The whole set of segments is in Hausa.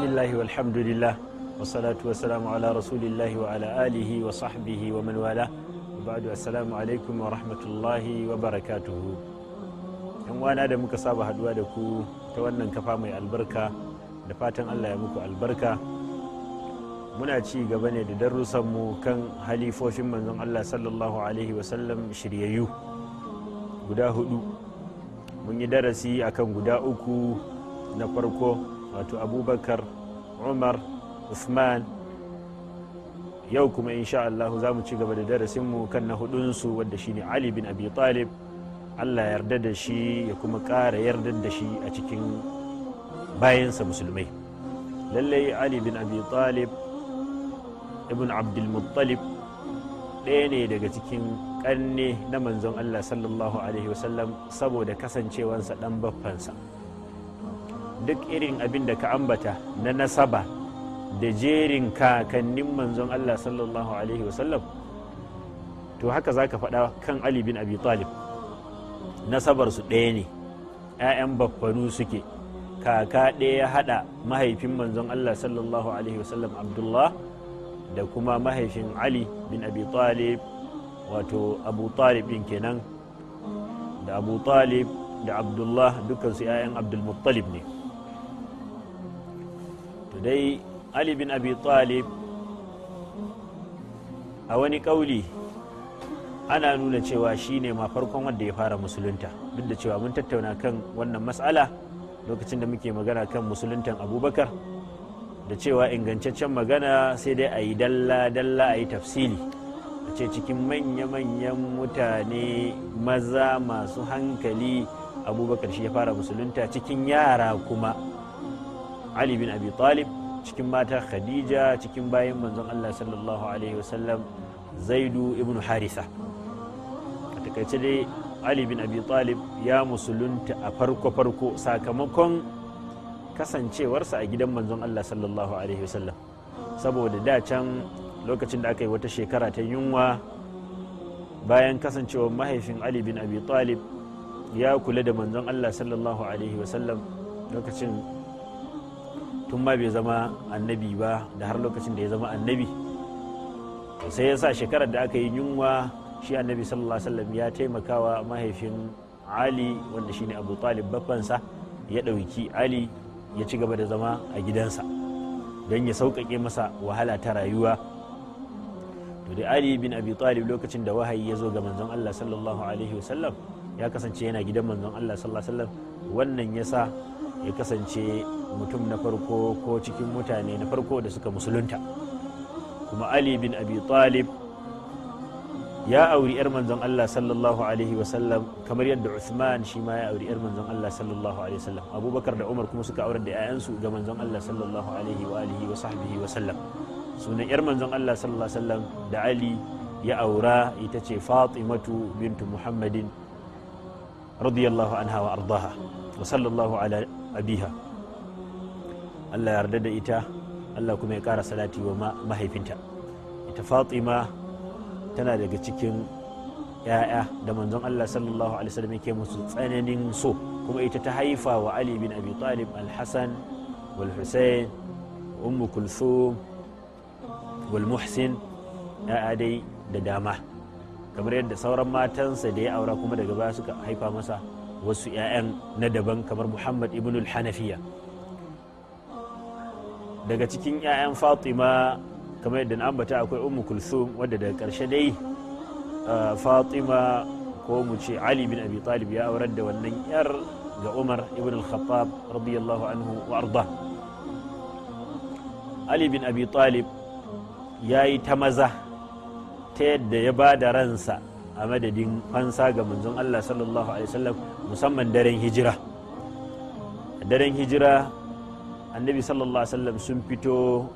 bismillahi walhamdulillah wasalatu wasalamu ala rasulillahi wa ala alihi wa sahbihi wa man wala ba'du assalamu alaikum wa rahmatullahi wa barakatuhu yan wana da muka saba haduwa da ku ta wannan kafa mai albarka da fatan Allah ya muku albarka muna ci gaba ne da darussan mu kan halifofin manzon Allah sallallahu alaihi wa sallam shiryayyu guda hudu mun yi darasi akan guda uku na farko wato abubakar umar usman yau kuma insha Allah za mu ci gaba da darasinmu kan na hudunsu wadda shine ali bin abi talib allah yarda da shi ya kuma ƙara yarda da shi a cikin bayansa musulmai lallai ali bin abi talib ibn abdulmuttalib ɗaya ne daga cikin ƙanne na manzon allah sallallahu alaihi wasallam saboda kasancewansa ɗan baffansa duk irin abin da ka ambata na nasaba da jerin kakannin manzon Allah sallallahu alaihi wasallam to haka za ka faɗa kan Ali bin Abi Talib nasabarsu ɗaya ne 'ya'yan baffanu suke kaka ɗaya ya haɗa mahaifin manzon Allah sallallahu alaihi wasallam Abdullah da kuma mahaifin Ali bin Abi Talib wato Abu Talib ɗin kenan da Abu Talib da Abdullah dukansu 'ya'yan Abdul ne. dai ali bin abi talib a wani ƙauli ana nuna cewa shi ne ma farkon wanda ya fara musulunta duk da cewa mun tattauna kan wannan matsala lokacin da muke magana kan musuluntan abubakar da cewa ingantaccen magana sai dai a yi dalla-dalla a yi tafsili a ce cikin manya-manyan mutane maza masu hankali abubakar shi ya fara musulunta cikin yara kuma ali bin abi talib cikin mata khadija cikin bayan manzon allah sallallahu alaihi wasallam zaidu ibn harisa a takaice dai ali bin abi talib ya musulunta a farko-farko sakamakon kasancewarsa a gidan manzon allah sallallahu alaihi wasallam saboda da can lokacin da aka yi wata shekara ta yunwa bayan kasancewar mahaifin ali bin abi talib ya kula da manzon allah sallallahu alaihi wasallam lokacin tun ma bai zama annabi ba da har lokacin da ya zama annabi sai ya sa shekarar da aka yi yunwa shi annabi sallallahu alaihi wasallam ya taimakawa mahaifin ali wanda shine abu talib babbansa ya ɗauki ali ya ci gaba da zama a gidansa don ya sauƙaƙe masa wahala ta rayuwa to da ali bin abi talib lokacin da wahayi ya zo ga manzon allah sallallahu alaihi wasallam ya kasance yana gidan manzon allah sallallahu alaihi wasallam wannan ya sa ya kasance mutum na farko ko cikin mutane na farko da suka musulunta kuma ali bin abi talib ya auri 'yar manzon Allah sallallahu alaihi wasallam kamar yadda Uthman shi ma ya auri 'yar manzon Allah sallallahu alaihi wasallam Abubakar da Umar kuma suka aurar da 'ya'yansu ga manzon Allah sallallahu alaihi wa alihi wa sahbihi wasallam sunan 'yar manzon Allah sallallahu alaihi wasallam da Ali ya aura ita ce Fatimatu bintu Muhammadin radiyallahu anha wa ardaha wa sallallahu ala abiha Allah yarda da ita Allah kuma ya ƙara salati wa mahaifinta ita Fatima tana daga cikin ‘ya'ya da manzon Allah sallallahu alaihi wasallam yake musu tsananin so kuma ita ta haifa wa Ali bin Abi Talib al-Hasan wal Hussein Ummu Kulthum wal ‘ya'ya dai da dama kamar yadda sauran matansa da ya aura kuma daga baya suka haifa masa wasu 'ya'yan na daban kamar muhammad ibn hanafiya daga cikin 'ya'yan fatima kamar yadda ambata akwai ummu kulsum wadda daga ƙarshe dai fatima ko mu ce ali bin abi talib ya aurar da wannan 'yar ga umar ibn al-khattab radiyallahu anhu wa arda ali bin abi talib ya yi ta maza ta yadda ya ba da ransa a madadin fansa ga manzon Allah sallallahu alaihi wasallam musamman daren hijira daren hijira annabi sallallahu alaihi wasallam sun fito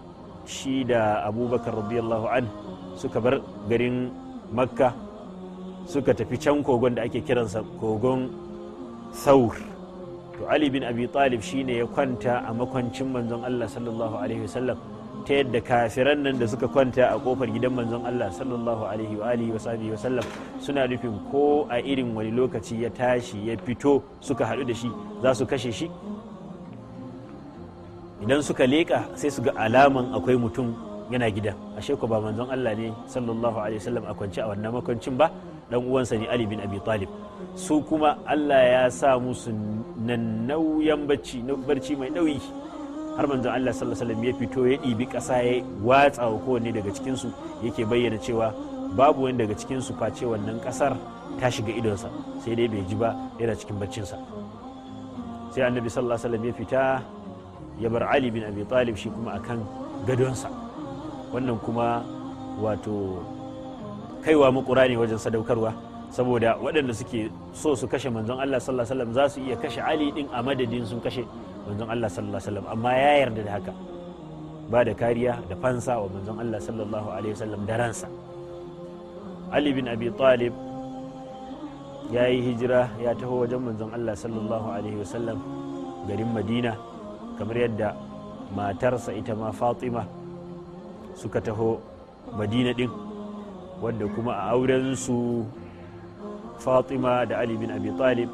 shi da abubakar radiyallahu an suka bar garin makka suka tafi can kogon da ake kiransa kogon saur to ali bin abi talib shine ya kwanta a makwancin manzon Allah sallallahu alaihi wasallam ta yadda kafiran nan da suka kwanta a kofar gidan manzon Allah sallallahu alaihi wa alihi wa wa sallam suna nufin ko a irin wani lokaci ya tashi ya fito suka haɗu da shi za su kashe shi idan suka leƙa sai su ga alaman akwai mutum yana gida ashe ko ba manzon Allah ne sallallahu alaihi sallam a kwance a wannan makwancin ba dan uwansa ne Ali bin Abi Talib su kuma Allah ya sa musu nan nauyan bacci barci mai nauyi har manzon Allah sallallahu alaihi wasallam ya fito ya ɗibi ƙasa ya watsa wa kowanne daga cikin su yake bayyana cewa babu wani daga cikin su face wannan ƙasar ta shiga idonsa sai dai bai ji ba yana cikin baccin sa sai annabi sallallahu alaihi wasallam ya fita ya bar Ali bin Abi Talib shi kuma akan gadonsa wannan kuma wato kaiwa makura ne wajen sadaukarwa saboda waɗanda suke so su kashe manzon Allah sallallahu alaihi wasallam za su iya kashe Ali din a madadin sun kashe manzon Allah sallallahu alaihi wasallam amma ya yarda da haka ba da kariya da fansa wa manzon Allah sallallahu alaihi wasallam da ransa Ali bin Abi Talib ya yi hijira ya taho wajen manzon Allah sallallahu alaihi wasallam garin Madina kamar yadda matarsa ita ma Fatima suka taho Madina din wanda kuma a auren su Fatima da Ali bin Abi Talib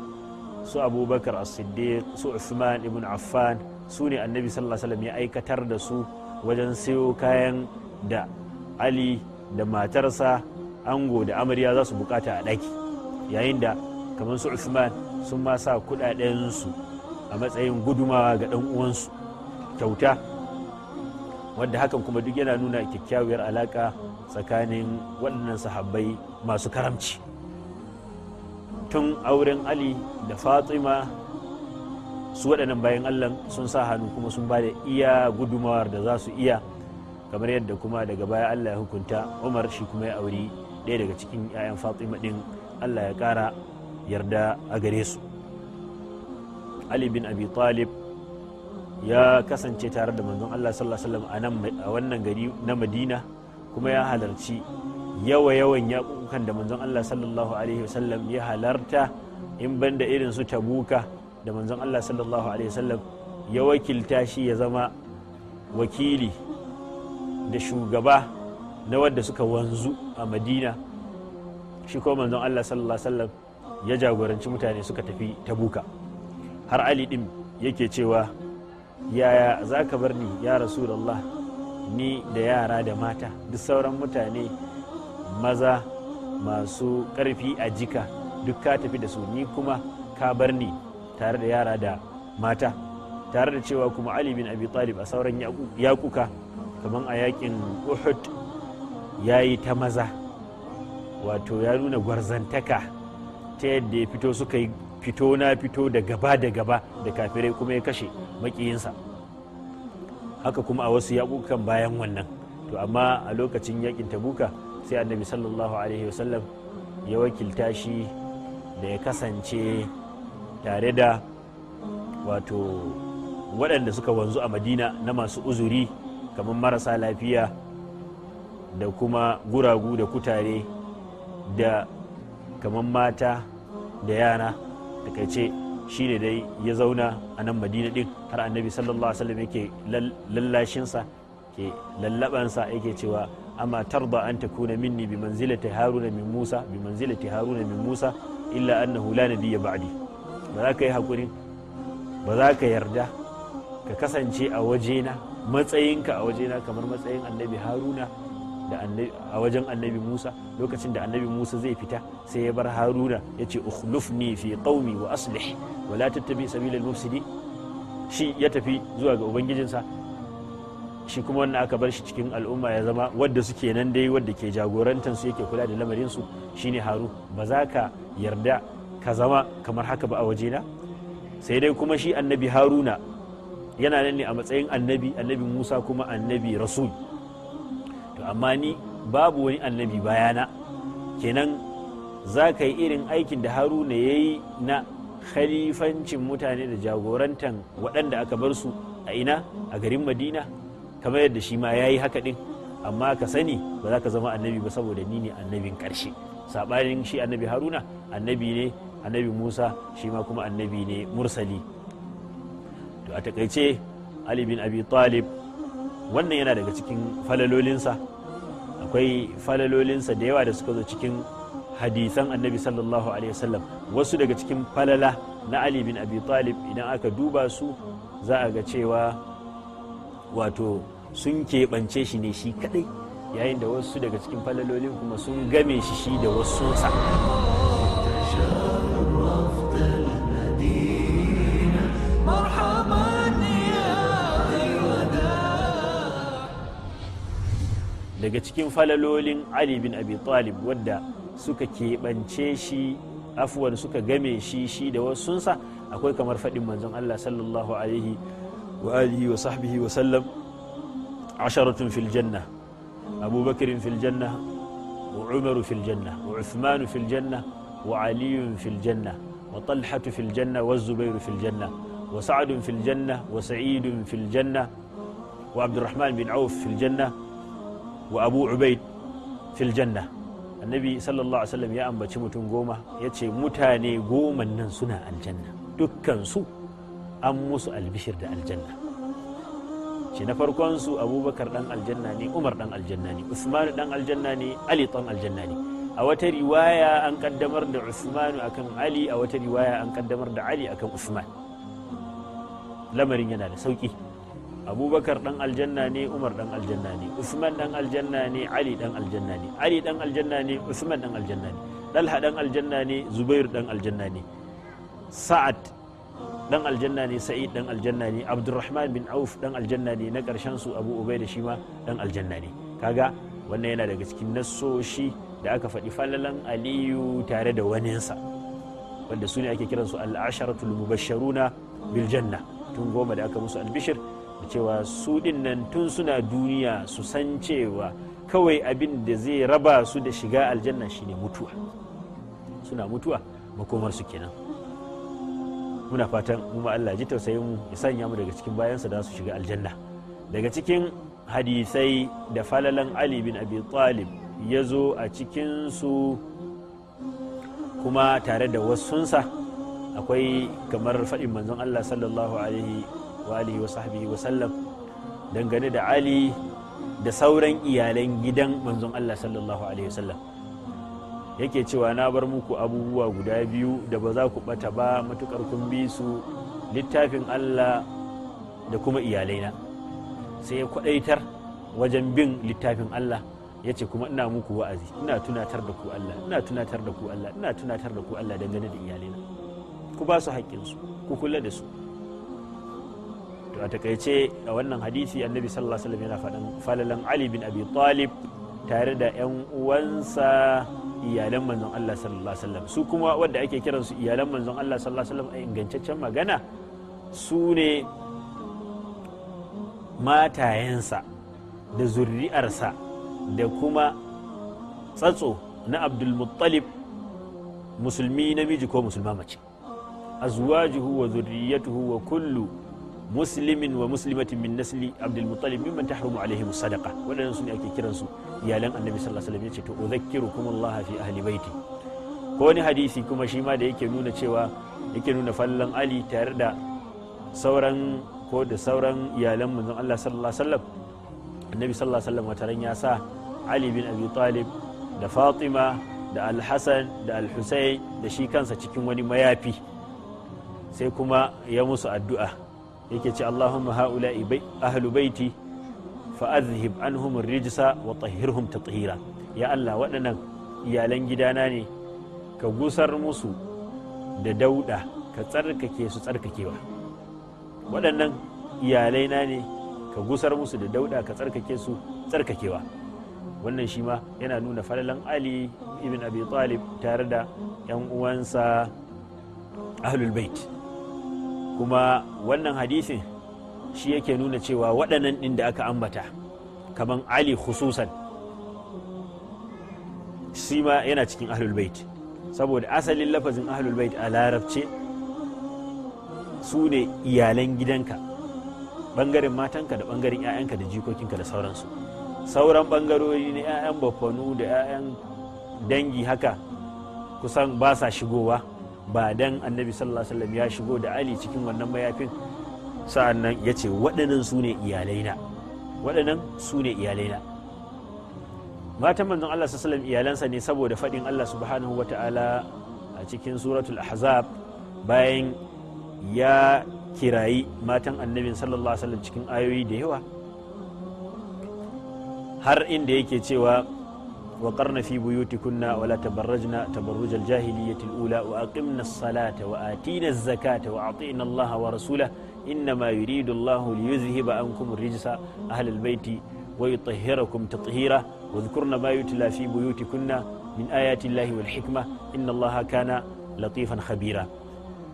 su abubakar as-siddiq su usman ibn affan su ne annabi sallallahu alaihi ya aikatar da su wajen sayo kayan da ali da matarsa ango da amarya za su bukata a ɗaki yayin da kamar su usman sun ma sa su a matsayin gudumawa ga ɗan uwansu kyauta wadda hakan kuma duk yana nuna kyakkyawar alaka tsakanin waɗannan sahabbai masu karamci. tun auren ali da fatima su waɗannan bayan allah sun sa hannu kuma sun ba da iya gudumawar da za su iya kamar yadda kuma daga baya allah ya hukunta umar shi kuma ya auri ɗaya daga cikin 'ya'yan fatima ɗin allah ya ƙara yarda a gare su ali bin abi talib ya kasance tare da manzon allah sallallahu alaihi a wannan gari na madina kuma ya halarci yawa yawan yaƙukan da manzon Allah sallallahu alaihi wasallam ya halarta in banda irin su tabuka da manzon Allah sallallahu alaihi wasallam ya wakilta shi ya zama wakili da shugaba na wadda suka wanzu a madina shi ko manzon Allah sallallahu alaihi wasallam ya jagoranci mutane suka tafi tabuka har ali din yake cewa yaya za ka bar ni ya rasulallah ni da yara da mata duk sauran mutane maza masu ƙarfi a jika duk ka tafi da su ni kuma ka bar ni tare da yara da mata tare da cewa kuma ali bin abi talib a sauran yakuka kamar a yakin uhud ya yi ta maza wato ya nuna gwarzantaka ta yadda ya fito suka yi fito na fito da gaba da gaba da kafirai kuma ya kashe makiyinsa haka kuma a wasu yakukan bayan wannan to amma a lokacin yakin tabuka sai annabi sallallahu alaihi wasallam ya wakilta shi da ya kasance tare da wato waɗanda suka wanzu a madina na masu uzuri kamar marasa lafiya da kuma guragu da kutare da kamar mata da yana takaice shi ne dai ya zauna a nan madina ɗin har annabi sallallahu alaihi wasallam yake lallashinsa ke lallabansa yake cewa amma tarda an ta kuna minni bi manzila haruna min musa bi manzila haruna min musa illa annahu la nabiyya ba'di ba za ka yi hakuri ba za ka yarda ka kasance a wajena matsayinka a wajena kamar matsayin annabi haruna a wajen annabi musa lokacin da annabi musa zai fita sai ya bar haruna ya ce ukhlufni fi qaumi wa aslihi wa la tattabi sabila shi ya tafi zuwa ga ubangijinsa shi kuma wannan aka bar shi cikin al'umma ya zama wadda suke nan dai wadda ke jagorantar su yake kula da lamarin su shine haru ba za ka yarda ka zama kamar haka ba a waje na. sai dai kuma shi annabi haruna yana nan ne a matsayin annabi annabi musa kuma annabi rasul to amma ni babu wani annabi bayana kenan za ka yi irin aikin da haruna ya yi na khalifancin mutane da jagorantan waɗanda aka bar su a ina a garin madina kamar yadda shi ma ya yi haka ɗin amma ka sani ba za ka zama annabi ba saboda ni ne annabin ƙarshe saɓanin shi annabi haruna annabi ne annabi musa shi ma kuma annabi ne mursali to a takaice ali bin abi talib wannan yana daga cikin falalolinsa akwai falalolinsa da yawa da suka zo cikin hadisan annabi sallallahu alaihi wasallam wasu daga cikin falala na ali bin abi talib idan aka duba su za a ga cewa wato sun keɓance shi ne shi kaɗai yayin da wasu daga cikin falalolin kuma sun game shi shi da wasu sa. daga cikin falalolin ali bin abi talib wadda suka keɓance shi afuwar suka game shi shi da wasu wasunsa akwai kamar faɗin manzon allah sallallahu alaihi وآله وصحبه وسلم عشرة في الجنة أبو بكر في الجنة وعمر في الجنة وعثمان في الجنة وعلي في الجنة وطلحة في الجنة والزبير في الجنة وسعد في الجنة وسعيد في الجنة وعبد الرحمن بن عوف في الجنة وأبو عبيد في الجنة النبي صلى الله عليه وسلم يا أنبا تشمتون قومة يتشي متاني قوما ننسنا الجنة دكا سوء an musu albishir da aljanna shi na farkon su abubakar dan aljanna ne umar dan aljanna ne usman dan aljanna ne ali dan aljanna ne a wata riwaya an kaddamar da Usman akan ali a wata riwaya an kaddamar da ali akan usman lamarin yana da sauki abubakar dan aljanna ne umar dan aljanna ne usman dan aljanna ne ali dan aljanna ne ali dan aljanna ne usman dan aljanna ne dalha dan aljanna ne zubair dan aljanna ne sa'ad dan aljanna ne sa'id dan aljanna ne abdurrahman bin auf dan aljanna ne na karshen su abu da shi ma dan aljanna ne kaga wannan yana daga cikin nasoshi da aka faɗi falalan aliyu tare da waninsa wanda su ne ake kiran su al'asharatul mubashsharuna bil janna tun goma da aka musu albishir da cewa su din nan tun suna duniya su san cewa kawai abin da zai raba su da shiga aljanna shine mutuwa suna mutuwa makomar su kenan muna fatan mu Allah ji tausayin mu ya sanya mu daga cikin bayansa da su shiga aljanna daga cikin hadisai da falalan Ali bin Abi Talib ya zo a cikin su kuma tare da wasunsa akwai kamar faɗin manzon Allah sallallahu alaihi wa alihi wa sahbihi wa sallam dangane da Ali da sauran iyalan gidan manzon Allah sallallahu alaihi wa sallam yake cewa na bar muku abubuwa guda biyu da ba za ku bata ba matukar kun bi su littafin Allah da kuma iyalaina sai ya kwadaitar wajen bin littafin Allah ya ce kuma ina muku wa'azi ina tunatar da ku Allah ina tunatar da ku Allah ina tunatar da ku Allah dangane da iyalaina ku ba su haƙƙinsu ku kula da su to a takaice a wannan hadisi annabi sallallahu alaihi wasallam yana faɗan falalan Ali bin Abi Talib tare da 'yan uwansa iyalan manzon Allah sallallahu alaihi wasallam su kuma wanda ake kiran su iyalan manzon Allah sallallahu alaihi wasallam a ingantaccen magana su ne matayensa da zuri'arsa da kuma tsatso na abdulmuttalib musulmi namiji ko musulma mace azwajuhu wa zuriyatuhu wa kullu muslimin wa muslimatin min nasli abdul muttalib mimman tahrumu alaihi sadaqa wadannan su ne ake kiransu iyalan annabi sallallahu alaihi wasallam yace to udhakkirukum Allah fi ahli baiti ko wani hadisi kuma shi ma da yake nuna cewa yake nuna fallan ali tare da sauran ko da sauran iyalan manzon Allah annabi sallallahu alaihi wasallam ya sa ali bin abi talib da fatima da alhassan da alhussein da shi kansa cikin wani mayafi sai kuma ya musu addu'a yake ce Allahumma ha'ula'i ahlu baiti fa azhib anhum rijsa wa tahhirhum tathira ya Allah waɗannan iyalan gidana ne ka gusar musu da dauda ka tsarkake su tsarkakewa waɗannan iyalai na ne ka gusar musu da dauda ka tsarkake su tsarkakewa wannan shi ma yana nuna falalan ali ibn abi talib tare da 'yan uwansa ahlul bait kuma wannan hadisin shi yake nuna cewa waɗannan ɗin da aka ambata kamar ali khususan shi ma yana cikin ahlul bait saboda asalin lafazin ahlul bait a larabce su ne iyalan gidanka ɓangaren matanka da ɓangaren 'ya'yanka da jikokinka da sauransu sauran ɓangarori na 'ya'yan bafanu da 'ya'yan dangi haka kusan ba sa shigowa ba dan annabi sallallahu alaihi wasallam ya shigo da ali cikin wannan mayafin sa'annan ya ce waɗannan su ne iyalaina waɗannan su ne iyalaina matan manzon Allah sallallahu alaihi iyalansa ne saboda faɗin Allah subhanahu wata'ala a cikin suratul ahzab bayan ya kirayi matan annabi sallallahu alaihi wasallam cikin ayoyi da yawa har inda yake cewa وقرن في بيوتكن ولا تبرجن تبرج الجاهلية الأولى وأقمنا الصلاة وآتينا الزكاة وأعطينا الله ورسوله إنما يريد الله ليذهب عنكم الرجس أهل البيت ويطهركم تطهيرا واذكرن ما يتلى في بيوتكن من آيات الله والحكمة إن الله كان لطيفا خبيرا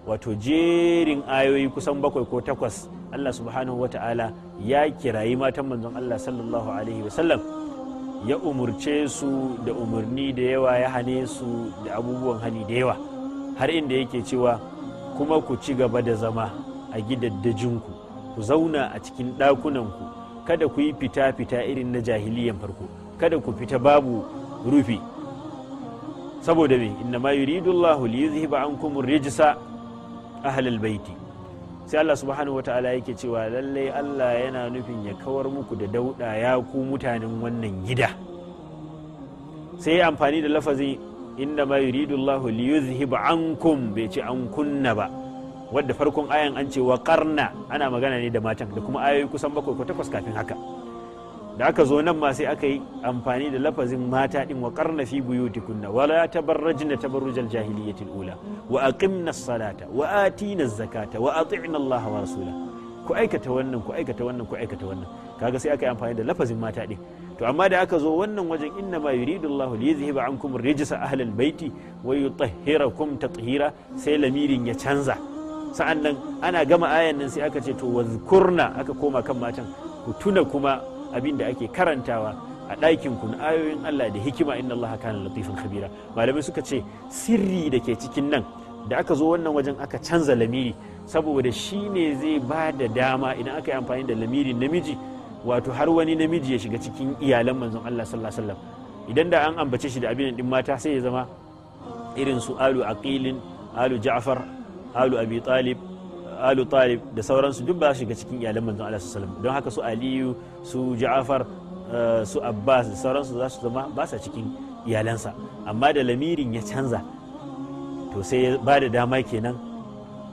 وتجير آيوي كسن بكوي كوتكوس الله سبحانه وتعالى يا كرايما تمنزم الله صلى الله عليه وسلم ya umurce su da umarni da yawa ya hane su da abubuwan hani da yawa har inda yake cewa kuma ku ci gaba da zama a gidaddajinku ku zauna a cikin ɗakunanku kada ku yi fita-fita irin na jahiliyan farko kada ku fita babu rufi saboda me inna ma yuridullahu li yuzhiba ankum rijsa ahlal baiti sai Allah subhanahu wata'ala yake cewa lallai Allah yana nufin ya kawar muku da dauda ya ku mutanen wannan gida sai amfani da lafazin inda ma yuridu Allah li yuzhiba ankum bai ce an kunna ba wadda farkon ayan an ce wa karna ana magana ne da matan da kuma ayoyi kusan bakwai ko takwas kafin haka da aka zo nan ma sai aka yi amfani da lafazin mata din wa karna fi buyutikunna wala tabarrajna tabarrujal jahiliyyatil ula wa aqimna salata wa atina zakata wa ati'na Allah wa rasula ku aikata wannan ku aikata wannan ku aikata wannan kaga sai aka yi amfani da lafazin mata din to amma da aka zo wannan wajen inna ma yuridu Allah li yuzhiba ankum rijsa ahlal baiti wa yutahhirakum tathira sai lamirin ya canza sa'an nan ana gama ayan nan sai aka ce to wazkurna aka koma kan matan ku tuna kuma abin da ake karantawa a ɗakin kun ayoyin Allah da hikima inna Allah kana latifin khabira malamai suka ce sirri da ke cikin nan da aka zo wannan wajen aka canza lamiri saboda shi ne zai ba da dama idan aka yi amfani da lamirin namiji wato har wani namiji ya shiga cikin iyalan manzon Allah sallallahu alaihi wasallam idan da an ambace shi da abin din mata sai ya zama irin su alu aqilin alu ja'far alu abi talib alu talib da sauransu duk ba shiga cikin iyalan manzon Allah sallallahu don haka su aliyu su ja'afar eh, su abbas da sauransu za su zama ba sa cikin iyalansa amma da lamirin ya canza to sai ya ba da dama kenan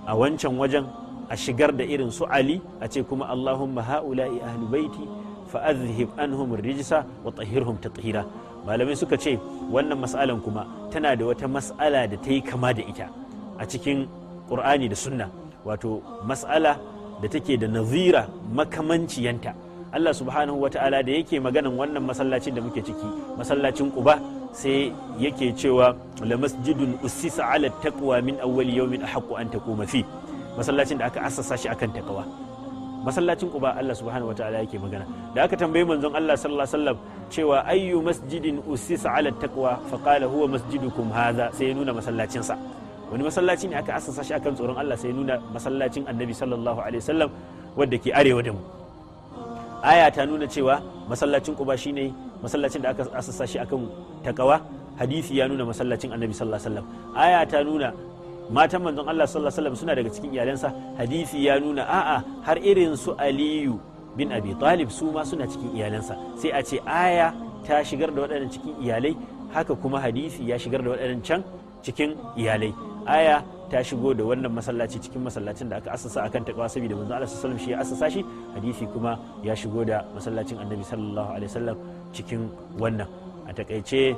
a wancan wajen a shigar da irin su ali a ce kuma allahumma ha'ula'i ahlu baiti fa azhib anhum rijsa wa tahhirhum tathira malamai suka ce wannan mas'alan kuma tana da wata mas'ala da ta yi kama da ita a cikin qur'ani da sunna wato mas'ala da take da nazira makamanciyanta Allah subhanahu wa ta'ala da yake maganan wannan masallacin da muke ciki masallacin Quba sai yake cewa la masjidun ussisa ala taqwa min awwal yawmin ahqqu an takuma fi masallacin da aka assasa shi akan takawa masallacin Quba Allah subhanahu wa ta'ala yake magana da aka tambayi manzon Allah sallallahu alaihi wasallam cewa ayyu masjidin ussisa ala taqwa fa qala huwa masjidukum hadha sai ya nuna masallacin sa wani masallaci ne aka asasa shi akan tsoron Allah sai nuna masallacin annabi sallallahu alaihi wasallam wadda ke arewa da mu aya ta nuna cewa masallacin quba shine masallacin da aka asasa shi akan takawa hadisi ya nuna masallacin annabi sallallahu alaihi wasallam aya ta nuna matan manzon Allah sallallahu alaihi wasallam suna daga cikin iyalansa hadisi ya nuna a'a har irin su Aliyu bin Abi Talib su ma suna cikin iyalansa sai a ce aya ta shigar da waɗannan cikin iyalai haka kuma hadisi ya shigar da waɗannan can cikin iyalai aya ta shigo da wannan masallaci cikin masallacin da aka asasa akan takawa saboda manzo Allah sallallahu shi ya asasa shi hadisi kuma ya shigo da masallacin annabi sallallahu alaihi wasallam cikin wannan a takaice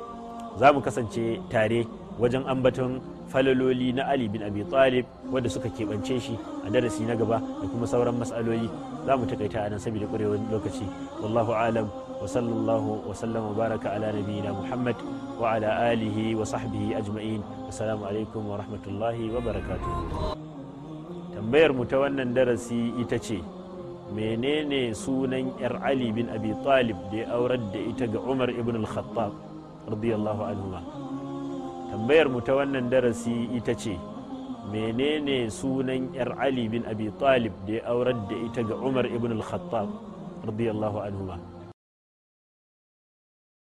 za mu kasance tare wajen ambaton falaloli na ali bin abi talib wadda suka keɓance shi a darasi na gaba da kuma sauran matsaloli za mu takaita a nan saboda ƙwarewar lokaci wallahu alam wa sallallahu wa sallama baraka ala nabiyina muhammad wa ala alihi wa sahbihi ajma'in assalamu alaikum wa rahmatullahi wa barakatuh tambayar mu ta wannan darasi ita ce menene sunan yar ali bin abi talib da ya aurar da ita ga umar ibn al-khattab radiyallahu anhu tambayar mu ta wannan darasi ita ce menene sunan yar ali bin abi talib da ya aurar da ita ga umar ibn al-khattab radiyallahu anhu